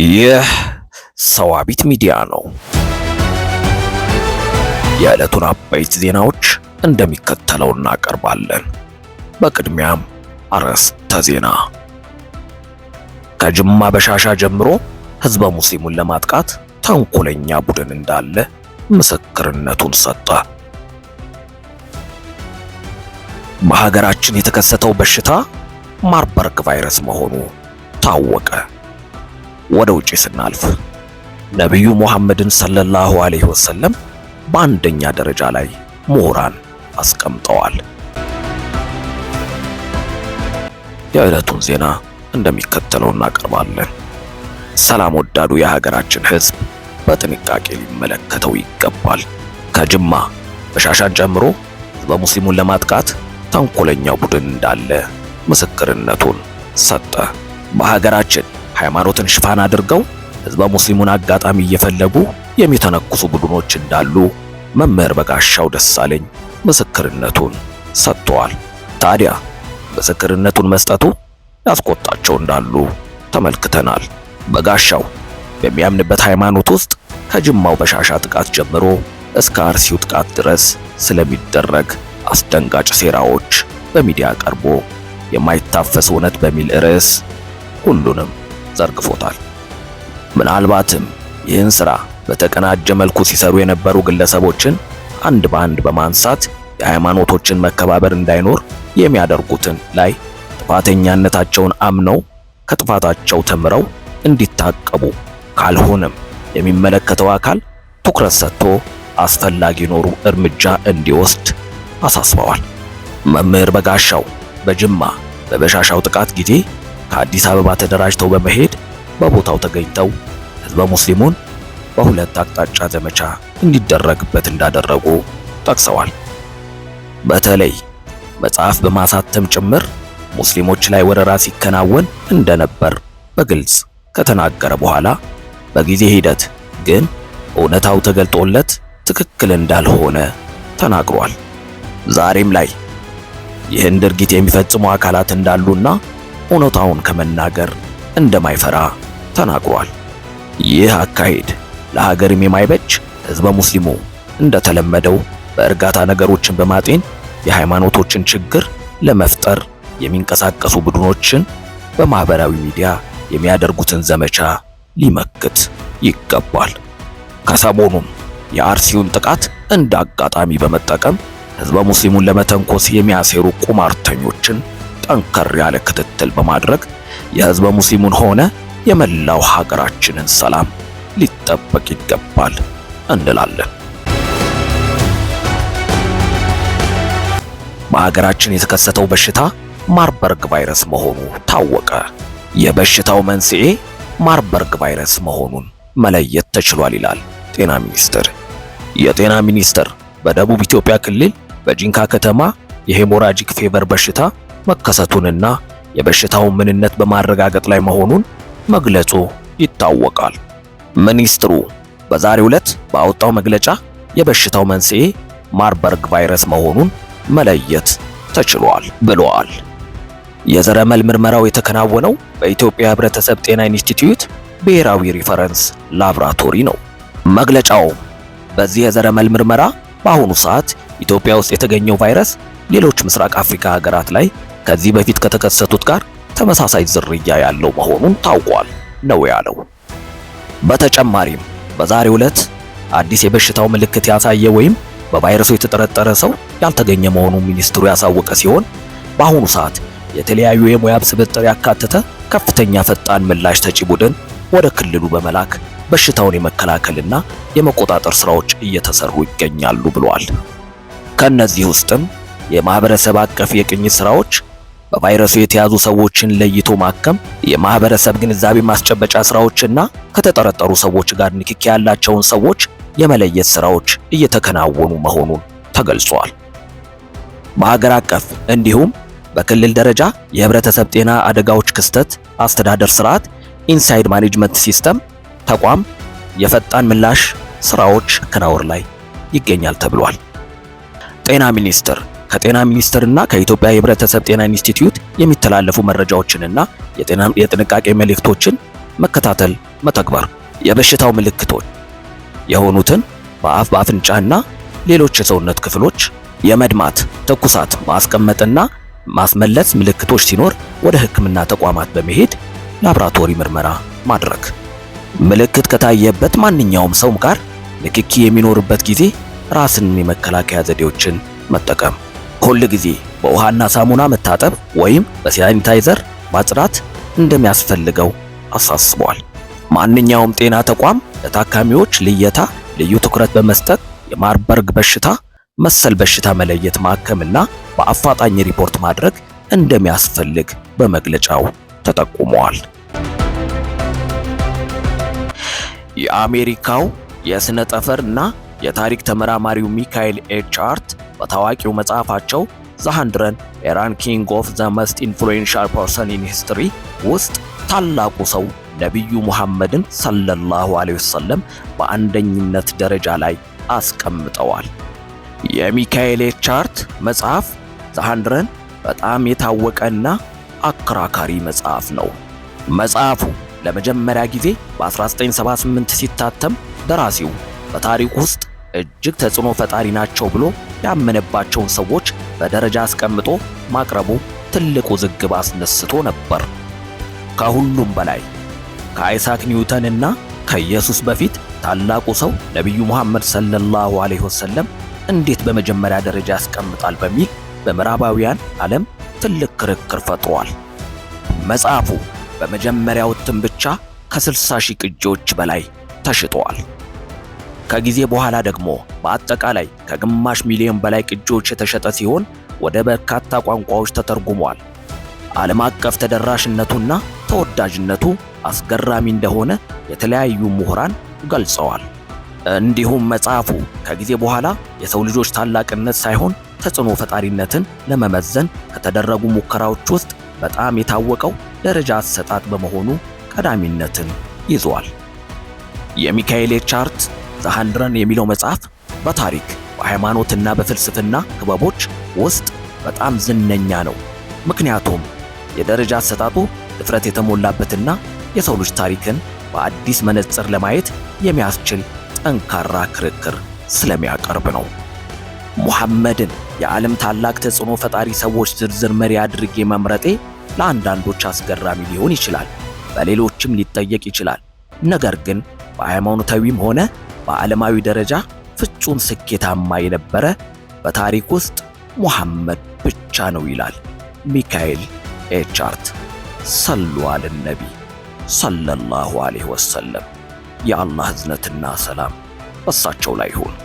ይህ ሰዋቢት ሚዲያ ነው። የዕለቱን አበይት ዜናዎች እንደሚከተለው እናቀርባለን። በቅድሚያም አርዕስተ ዜና። ከጅማ በሻሻ ጀምሮ ህዝበ ሙስሊሙን ለማጥቃት ተንኮለኛ ቡድን እንዳለ ምስክርነቱን ሰጠ። በሀገራችን የተከሰተው በሽታ ማርበርግ ቫይረስ መሆኑ ታወቀ። ወደ ውጪ ስናልፍ ነቢዩ ሙሐመድን ሰለላሁ ዐለይሂ ወሰለም በአንደኛ ደረጃ ላይ ምሁራን አስቀምጠዋል። የዕለቱን ዜና እንደሚከተለው እናቀርባለን። ሰላም ወዳዱ የሀገራችን ሕዝብ በጥንቃቄ ሊመለከተው ይገባል። ከጅማ በሻሻን ጨምሮ በሙስሊሙን ለማጥቃት ተንኮለኛው ቡድን እንዳለ ምስክርነቱን ሰጠ። በሀገራችን ሃይማኖትን ሽፋን አድርገው ህዝበ ሙስሊሙን አጋጣሚ እየፈለጉ የሚተነኩሱ ቡድኖች እንዳሉ መምህር በጋሻው ደሳለኝ ምስክርነቱን ሰጥተዋል። ታዲያ ምስክርነቱን መስጠቱ ያስቆጣቸው እንዳሉ ተመልክተናል። በጋሻው በሚያምንበት ሃይማኖት ውስጥ ከጅማው በሻሻ ጥቃት ጀምሮ እስከ አርሲው ጥቃት ድረስ ስለሚደረግ አስደንጋጭ ሴራዎች በሚዲያ ቀርቦ የማይታፈስ እውነት በሚል ርዕስ ሁሉንም ዘርግፎታል። ምናልባትም ይህን ስራ በተቀናጀ መልኩ ሲሰሩ የነበሩ ግለሰቦችን አንድ በአንድ በማንሳት የሃይማኖቶችን መከባበር እንዳይኖር የሚያደርጉትን ላይ ጥፋተኛነታቸውን አምነው ከጥፋታቸው ተምረው እንዲታቀቡ፣ ካልሆነም የሚመለከተው አካል ትኩረት ሰጥቶ አስፈላጊ ኖሩ እርምጃ እንዲወስድ አሳስበዋል። መምህር በጋሻው በጅማ በበሻሻው ጥቃት ጊዜ ከአዲስ አበባ ተደራጅተው በመሄድ በቦታው ተገኝተው ህዝበ ሙስሊሙን በሁለት አቅጣጫ ዘመቻ እንዲደረግበት እንዳደረጉ ጠቅሰዋል። በተለይ መጽሐፍ በማሳተም ጭምር ሙስሊሞች ላይ ወረራ ሲከናወን እንደነበር በግልጽ ከተናገረ በኋላ በጊዜ ሂደት ግን እውነታው ተገልጦለት ትክክል እንዳልሆነ ተናግሯል። ዛሬም ላይ ይህን ድርጊት የሚፈጽሙ አካላት እንዳሉና እውነታውን ከመናገር እንደማይፈራ ተናግሯል። ይህ አካሄድ ለሀገርም የማይበጅ ህዝበ ሙስሊሙ እንደተለመደው በእርጋታ ነገሮችን በማጤን የሃይማኖቶችን ችግር ለመፍጠር የሚንቀሳቀሱ ቡድኖችን በማህበራዊ ሚዲያ የሚያደርጉትን ዘመቻ ሊመክት ይገባል። ከሰሞኑም የአርሲውን ጥቃት እንደ አጋጣሚ በመጠቀም ህዝበ ሙስሊሙን ለመተንኮስ የሚያሴሩ ቁማርተኞችን ጠንከር ያለ ክትትል በማድረግ የህዝበ ሙስሊሙን ሆነ የመላው ሀገራችንን ሰላም ሊጠበቅ ይገባል እንላለን። በሀገራችን የተከሰተው በሽታ ማርበርግ ቫይረስ መሆኑ ታወቀ። የበሽታው መንስኤ ማርበርግ ቫይረስ መሆኑን መለየት ተችሏል ይላል ጤና ሚኒስቴር። የጤና ሚኒስቴር በደቡብ ኢትዮጵያ ክልል በጂንካ ከተማ የሄሞራጂክ ፌቨር በሽታ መከሰቱንና የበሽታው ምንነት በማረጋገጥ ላይ መሆኑን መግለጹ ይታወቃል። ሚኒስትሩ በዛሬው ዕለት ባወጣው መግለጫ የበሽታው መንስኤ ማርበርግ ቫይረስ መሆኑን መለየት ተችሏል ብለዋል። የዘረመል ምርመራው የተከናወነው በኢትዮጵያ ሕብረተሰብ ጤና ኢንስቲትዩት ብሔራዊ ሪፈረንስ ላብራቶሪ ነው። መግለጫው በዚህ የዘረመል ምርመራ በአሁኑ ሰዓት ኢትዮጵያ ውስጥ የተገኘው ቫይረስ ሌሎች ምስራቅ አፍሪካ ሀገራት ላይ ከዚህ በፊት ከተከሰቱት ጋር ተመሳሳይ ዝርያ ያለው መሆኑን ታውቋል ነው ያለው። በተጨማሪም በዛሬው ዕለት አዲስ የበሽታው ምልክት ያሳየ ወይም በቫይረሱ የተጠረጠረ ሰው ያልተገኘ መሆኑን ሚኒስትሩ ያሳወቀ ሲሆን በአሁኑ ሰዓት የተለያዩ የሙያ ስብጥር ያካተተ ከፍተኛ ፈጣን ምላሽ ተጪ ቡድን ወደ ክልሉ በመላክ በሽታውን የመከላከልና የመቆጣጠር ስራዎች እየተሰሩ ይገኛሉ ብሏል። ከነዚህ ውስጥም የማህበረሰብ አቀፍ የቅኝት ስራዎች በቫይረሱ የተያዙ ሰዎችን ለይቶ ማከም፣ የማህበረሰብ ግንዛቤ ማስጨበጫ ስራዎችና ከተጠረጠሩ ሰዎች ጋር ንክኪ ያላቸውን ሰዎች የመለየት ስራዎች እየተከናወኑ መሆኑን ተገልጿል። በሀገር አቀፍ እንዲሁም በክልል ደረጃ የህብረተሰብ ጤና አደጋዎች ክስተት አስተዳደር ስርዓት ኢንሳይድ ማኔጅመንት ሲስተም ተቋም የፈጣን ምላሽ ስራዎች አከናወን ላይ ይገኛል ተብሏል። ጤና ሚኒስቴር ከጤና ሚኒስቴርና ከኢትዮጵያ የህብረተሰብ ጤና ኢንስቲትዩት የሚተላለፉ መረጃዎችንና የጥንቃቄ መልእክቶችን መከታተል መተግበር። የበሽታው ምልክቶች የሆኑትን በአፍ በአፍንጫና ሌሎች የሰውነት ክፍሎች የመድማት፣ ትኩሳት፣ ማስቀመጥና ማስመለስ ምልክቶች ሲኖር ወደ ህክምና ተቋማት በመሄድ ላብራቶሪ ምርመራ ማድረግ። ምልክት ከታየበት ማንኛውም ሰው ጋር ንክኪ የሚኖርበት ጊዜ ራስን የመከላከያ ዘዴዎችን መጠቀም ሁል ጊዜ በውሃና ሳሙና መታጠብ ወይም በሳኒታይዘር ማጽዳት እንደሚያስፈልገው አሳስቧል። ማንኛውም ጤና ተቋም ለታካሚዎች ልየታ ልዩ ትኩረት በመስጠት የማርበርግ በሽታ መሰል በሽታ መለየት ማከምና በአፋጣኝ ሪፖርት ማድረግ እንደሚያስፈልግ በመግለጫው ተጠቁመዋል። የአሜሪካው የስነ ጠፈር እና የታሪክ ተመራማሪው ሚካኤል ኤችአርት በታዋቂው መጽሐፋቸው ዘሃንድረን ኤራንኪንግ ኦፍ ዘ መስት ኢንፍሉዌንሻል ፐርሰን ኢን ሂስትሪ ውስጥ ታላቁ ሰው ነቢዩ ሙሐመድን ሰለላሁ ዐለይሂ ወሰለም በአንደኝነት ደረጃ ላይ አስቀምጠዋል። የሚካኤል ኤችአርት መጽሐፍ ዘሃንድረን በጣም የታወቀና አከራካሪ መጽሐፍ ነው። መጽሐፉ ለመጀመሪያ ጊዜ በ1978 ሲታተም ደራሲው በታሪክ ውስጥ እጅግ ተጽዕኖ ፈጣሪ ናቸው ብሎ ያመነባቸውን ሰዎች በደረጃ አስቀምጦ ማቅረቡ ትልቁ ውዝግብ አስነስቶ ነበር። ከሁሉም በላይ ከአይሳክ ኒውተንና እና ከኢየሱስ በፊት ታላቁ ሰው ነቢዩ መሐመድ ሰለላሁ ዐለይሂ ወሰለም እንዴት በመጀመሪያ ደረጃ ያስቀምጣል በሚል በምዕራባውያን ዓለም ትልቅ ክርክር ፈጥሯል። መጽሐፉ በመጀመሪያው እትም ብቻ ከ60 ሺህ ቅጂዎች በላይ ተሽጧል። ከጊዜ በኋላ ደግሞ በአጠቃላይ ከግማሽ ሚሊዮን በላይ ቅጂዎች የተሸጠ ሲሆን ወደ በርካታ ቋንቋዎች ተተርጉሟል። ዓለም አቀፍ ተደራሽነቱና ተወዳጅነቱ አስገራሚ እንደሆነ የተለያዩ ምሁራን ገልጸዋል። እንዲሁም መጽሐፉ ከጊዜ በኋላ የሰው ልጆች ታላቅነት ሳይሆን ተጽዕኖ ፈጣሪነትን ለመመዘን ከተደረጉ ሙከራዎች ውስጥ በጣም የታወቀው ደረጃ አሰጣጥ በመሆኑ ቀዳሚነትን ይዟል። የሚካኤል ቻርት ዘሃንድረን የሚለው መጽሐፍ በታሪክ በሃይማኖትና በፍልስፍና ክበቦች ውስጥ በጣም ዝነኛ ነው። ምክንያቱም የደረጃ አሰጣጡ ድፍረት የተሞላበትና የሰው ልጅ ታሪክን በአዲስ መነጽር ለማየት የሚያስችል ጠንካራ ክርክር ስለሚያቀርብ ነው። ሙሐመድን የዓለም ታላቅ ተጽዕኖ ፈጣሪ ሰዎች ዝርዝር መሪ አድርጌ መምረጤ ለአንዳንዶች አስገራሚ ሊሆን ይችላል፣ በሌሎችም ሊጠየቅ ይችላል። ነገር ግን በሃይማኖታዊም ሆነ በዓለማዊ ደረጃ ፍጹም ስኬታማ የነበረ በታሪክ ውስጥ ሙሐመድ ብቻ ነው ይላል ሚካኤል ኤቻርት። ሰሉ አለ ነቢ ሰለላሁ ዐለይሂ ወሰለም። የአላህ እዝነትና ሰላም በሳቸው ላይ ይሁን።